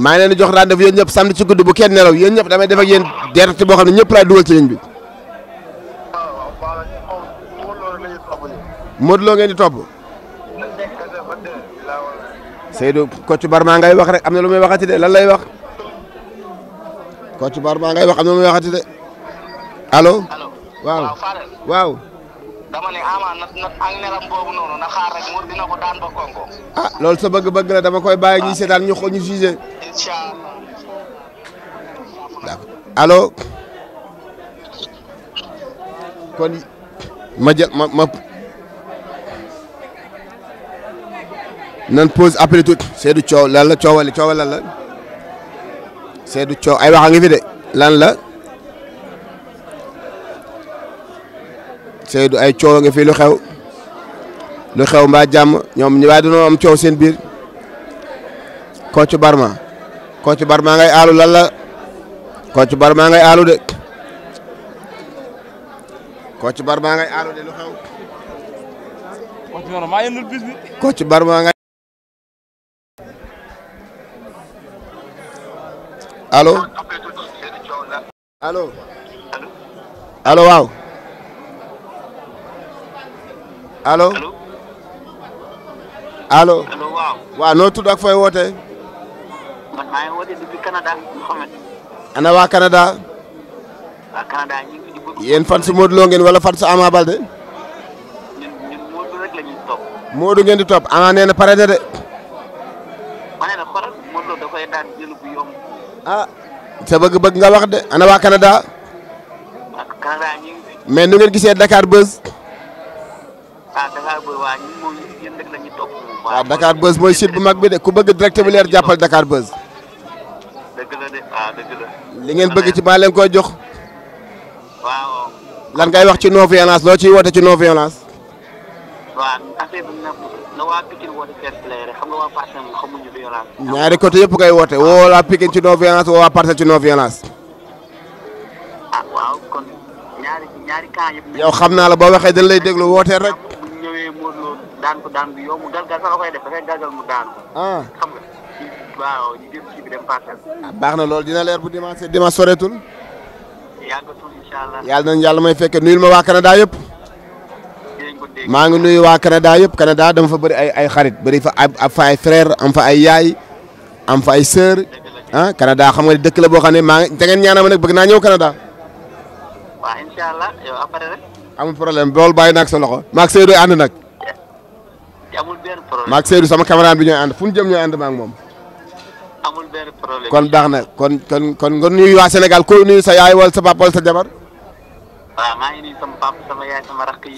maa ngi leen di jox rendez-vous yéen ñëpp samedi ci guddi bu kenn nelaw yéen ñëpp damay def ak yéen direct boo xam ne ñëpp laay dugal ci ligne bi. Modou Lo ngeen di topp. Seydou Kocc Barma ngay wax rek am na lu muy waxati de lan lay wax. Kocc Barma ngay wax am na lu muy waxati de allo. waaw waaw. dama ne Ama na na ak nelam boobu noonu na xaar rek mu dina ko daan ba konko ah loolu sa bëgg-bëgg la dama koy bàyyi ñuy seetaan ñu xool ñu jugé. incha kon ma jël ma ma. nan pause après tout Seydou Coow lan la coowali coowal lan la seedu Coow ay wax a fi de lan la. Seydou ay coow nga fi lu xew lu xew mbaa jàmm ñoom ñu waaye dañoo am coow seen biir Kocc Barma Kocc Barma ngay aalu lan la Kocc Barma ngay aalu de Kocc Barma ngay aalu de lu xew. Kocc Barma ngay. allo allo allo waaw. allo allo waaw noo tudd ak fooy wootee. ana waa Canada. waa fan si Modou ngeen wala fan si Ama Balde. ñun ñun ngeen di topp Ama nee pare na de. ah sa bëgg-bëgg nga wax de ana waa Canada. waa nu ngeen gisee Dakar Buzz. ah Dakar Buzz waaw ñun mooy yéen bu mag bi de ku bëgg direct bi leer jàppal Dakar Buzz. li ngeen bëgg ci maa leen koy jox. waaw. lan ngay wax ci non violence loo ciy woote ci non violence. waaw affaire bi nag na waa Pikine woote fair yëpp ngay woote woo ci non woo waa Parcelles ci non violence. ah xam naa la boo waxee dañ lay déglu wootee rek. daan ah. ah, baax na loolu dina leer bu dimanche dimanche soreetul. yàggatul incha allah. yàlla nañu yàlla may fekke nuyul ma waa Canada yëpp. maa ngi nuyu waa Canada yëpp Canada dama fa bari ay ay xarit bëri fa am fa ay frère am fa ay yaay am fa ay sœur ah Canada xam nga ne dëkk la boo xam ne maa ngi da ngeen ma nag bëgg naa ñëw Canada. waaw problème loolu bàyyi na ak sa loxo. maag Seydou nag. amul benn sama camarade bi ñooy ànd fu jëm ñooy ànd maag moom. kon baax na kon kon kon nga nuyu waa Sénégal ko nuyu sa yaay wala sa papa wala sa jabar.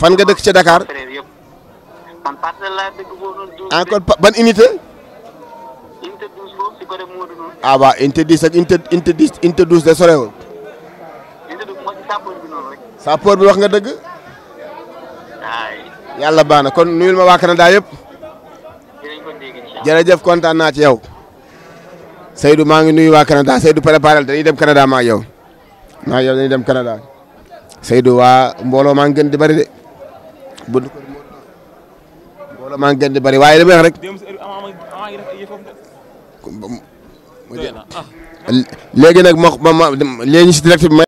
fan nga dëkk ci Dakar. man parcelle laa ban unité. unité douze foofu si côté Modou noonu. ah waaw unité dix ak unité unité dix unité douze de sorewul. unité douze bi noonu wax nga dëgg. yàlla baax na kon nuyul ma waa Canada yëpp. jërëjëf kontaan naa ci yow. Seydou maa ngi nuyu waa Canada Seydou préparé dañuy dem Canada maa yow maa yow dañuy dem Canada Seydou waa mbooloo maa ngi gën di bari de bu mbooloo ma ma léegi si